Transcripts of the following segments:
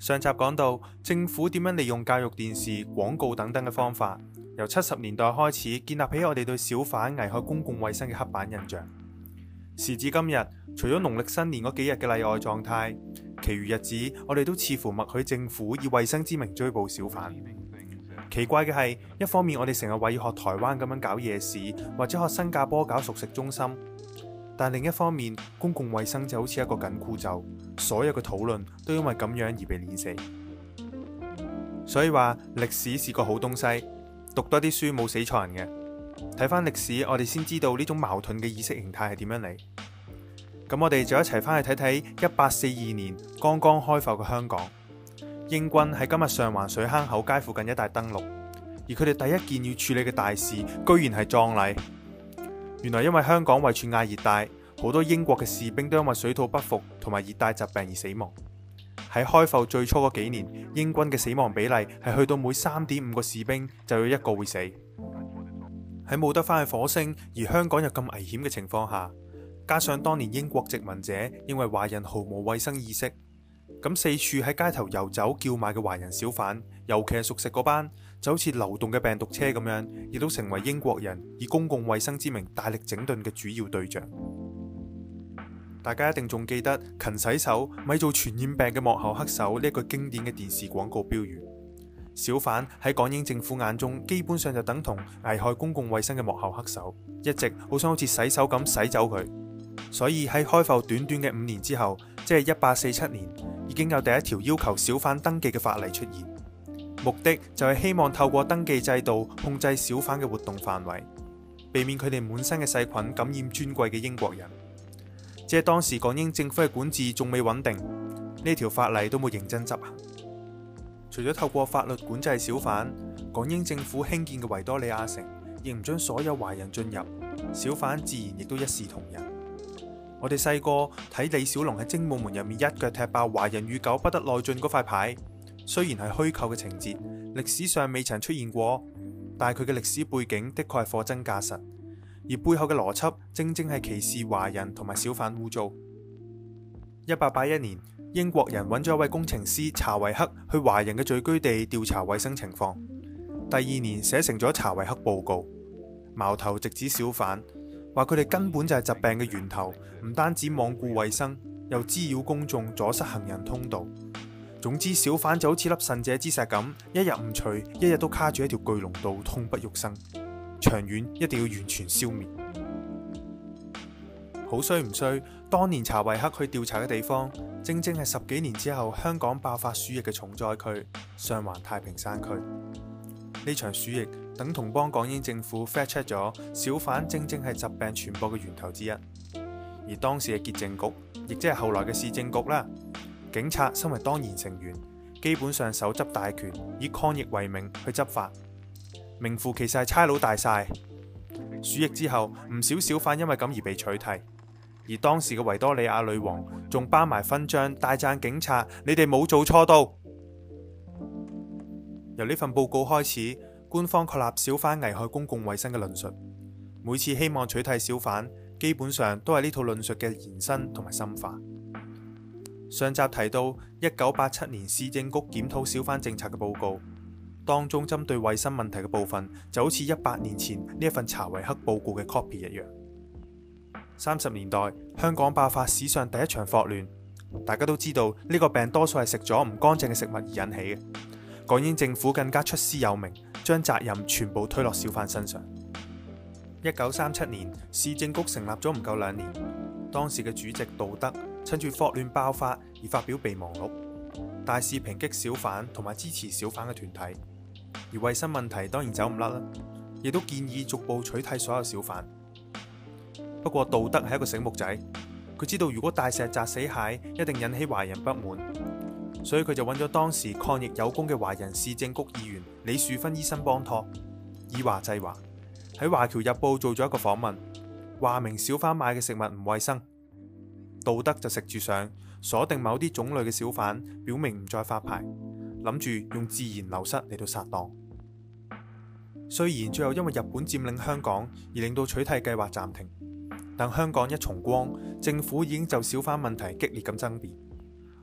上集講到政府點樣利用教育電視、廣告等等嘅方法，由七十年代開始建立起我哋對小販危害公共衛生嘅黑板印象。時至今日，除咗農曆新年嗰幾日嘅例外狀態。其餘日子，我哋都似乎默許政府以衛生之名追捕小販。奇怪嘅係，一方面我哋成日話要學台灣咁樣搞夜市，或者學新加坡搞熟食中心，但另一方面，公共衛生就好似一個緊箍咒，所有嘅討論都因為咁樣而被碾死。所以話歷史是個好東西，讀多啲書冇死錯人嘅。睇翻歷史，我哋先知道呢種矛盾嘅意識形態係點樣嚟。咁我哋就一齊翻去睇睇一八四二年剛剛開埠嘅香港，英軍喺今日上環水坑口街附近一帶登陸，而佢哋第一件要處理嘅大事，居然係葬禮。原來因為香港位處亞熱帶，好多英國嘅士兵都因為水土不服同埋熱帶疾病而死亡。喺開埠最初嗰幾年，英軍嘅死亡比例係去到每三點五個士兵就要一個會死。喺冇得翻去火星，而香港又咁危險嘅情況下。加上當年英國殖民者認為華人毫無衛生意識，咁四處喺街頭遊走叫賣嘅華人小販，尤其係熟食嗰班，就好似流動嘅病毒車咁樣，亦都成為英國人以公共衛生之名大力整頓嘅主要對象。大家一定仲記得勤洗手咪做傳染病嘅幕後黑手呢句經典嘅電視廣告標語。小販喺港英政府眼中，基本上就等同危害公共衛生嘅幕後黑手，一直好想好似洗手咁洗走佢。所以喺開埠短短嘅五年之後，即係一八四七年，已經有第一條要求小販登記嘅法例出現，目的就係希望透過登記制度控制小販嘅活動範圍，避免佢哋滿身嘅細菌感染尊貴嘅英國人。即係當時港英政府嘅管治仲未穩定，呢條法例都冇認真執行。除咗透過法律管制小販，港英政府興建嘅維多利亞城亦唔准所有華人進入，小販自然亦都一視同仁。我哋細個睇李小龍喺《精武門》入面一腳踢爆華人與狗不得內進嗰塊牌，雖然係虛構嘅情節，歷史上未曾出現過，但係佢嘅歷史背景的確係貨真價實，而背後嘅邏輯正正係歧視華人同埋小販污糟。一八八一年，英國人揾咗一位工程師查維克去華人嘅聚居地調查衛生情況，第二年寫成咗查維克報告，矛頭直指小販。話佢哋根本就係疾病嘅源頭，唔單止罔顧衛生，又滋擾公眾，阻塞行人通道。總之，小販就好似粒腎者之石咁，一日唔除，一日都卡住一條巨龍度，痛不欲生。長遠一定要完全消滅。好衰唔衰？當年查維克去調查嘅地方，正正係十幾年之後香港爆發鼠疫嘅重災區——上環太平山區。呢場鼠疫。等同幫港英政府 fact check 咗小販正正係疾病傳播嘅源頭之一，而當時嘅潔淨局，亦即係後來嘅市政局啦，警察身為當然成員，基本上手執大權，以抗疫為名去執法，名副其實係差佬大晒。鼠疫之後，唔少小販因為咁而被取締，而當時嘅維多利亞女王仲頒埋勳章，大讚警察，你哋冇做錯到。由呢份報告開始。官方確立小販危害公共衛生嘅論述，每次希望取締小販，基本上都係呢套論述嘅延伸同埋深化。上集提到一九八七年市政局檢討小販政策嘅報告當中，針對衛生問題嘅部分就好似一百年前呢一份查維克報告嘅 copy 一樣。三十年代香港爆發史上第一場霍亂，大家都知道呢個病多數係食咗唔乾淨嘅食物而引起嘅。港英政府更加出師有名。將責任全部推落小販身上。一九三七年，市政局成立咗唔夠兩年，當時嘅主席杜德趁住霍亂爆發而發表備忘錄，大肆抨擊小販同埋支持小販嘅團體，而衛生問題當然走唔甩啦，亦都建議逐步取締所有小販。不過杜德係一個醒目仔，佢知道如果大石砸死蟹，一定引起華人不滿。所以佢就揾咗當時抗疫有功嘅華人市政局議員李樹芬醫生幫托，以華制華，喺華僑日報做咗一個訪問，話明小販賣嘅食物唔衞生，道德就食住上鎖定某啲種類嘅小販，表明唔再發牌，諗住用自然流失嚟到殺檔。雖然最後因為日本佔領香港而令到取締計劃暫停，但香港一重光，政府已經就小販問題激烈咁爭辯。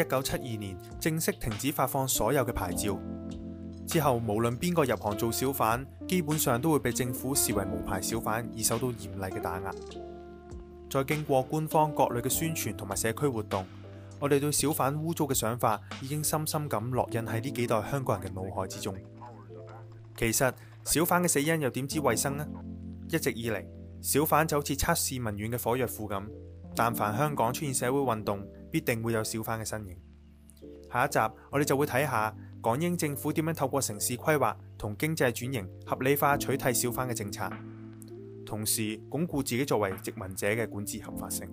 一九七二年正式停止發放所有嘅牌照，之後無論邊個入行做小販，基本上都會被政府視為無牌小販而受到嚴厲嘅打壓。再經過官方各類嘅宣傳同埋社區活動，我哋對小販污糟嘅想法已經深深咁烙印喺呢幾代香港人嘅腦海之中。其實小販嘅死因又點知衛生呢？一直以嚟，小販就好似測試民怨嘅火藥庫咁。但凡香港出現社會運動，必定會有小販嘅身影。下一集我哋就會睇下港英政府點樣透過城市規劃同經濟轉型合理化取締小販嘅政策，同時鞏固自己作為殖民者嘅管治合法性。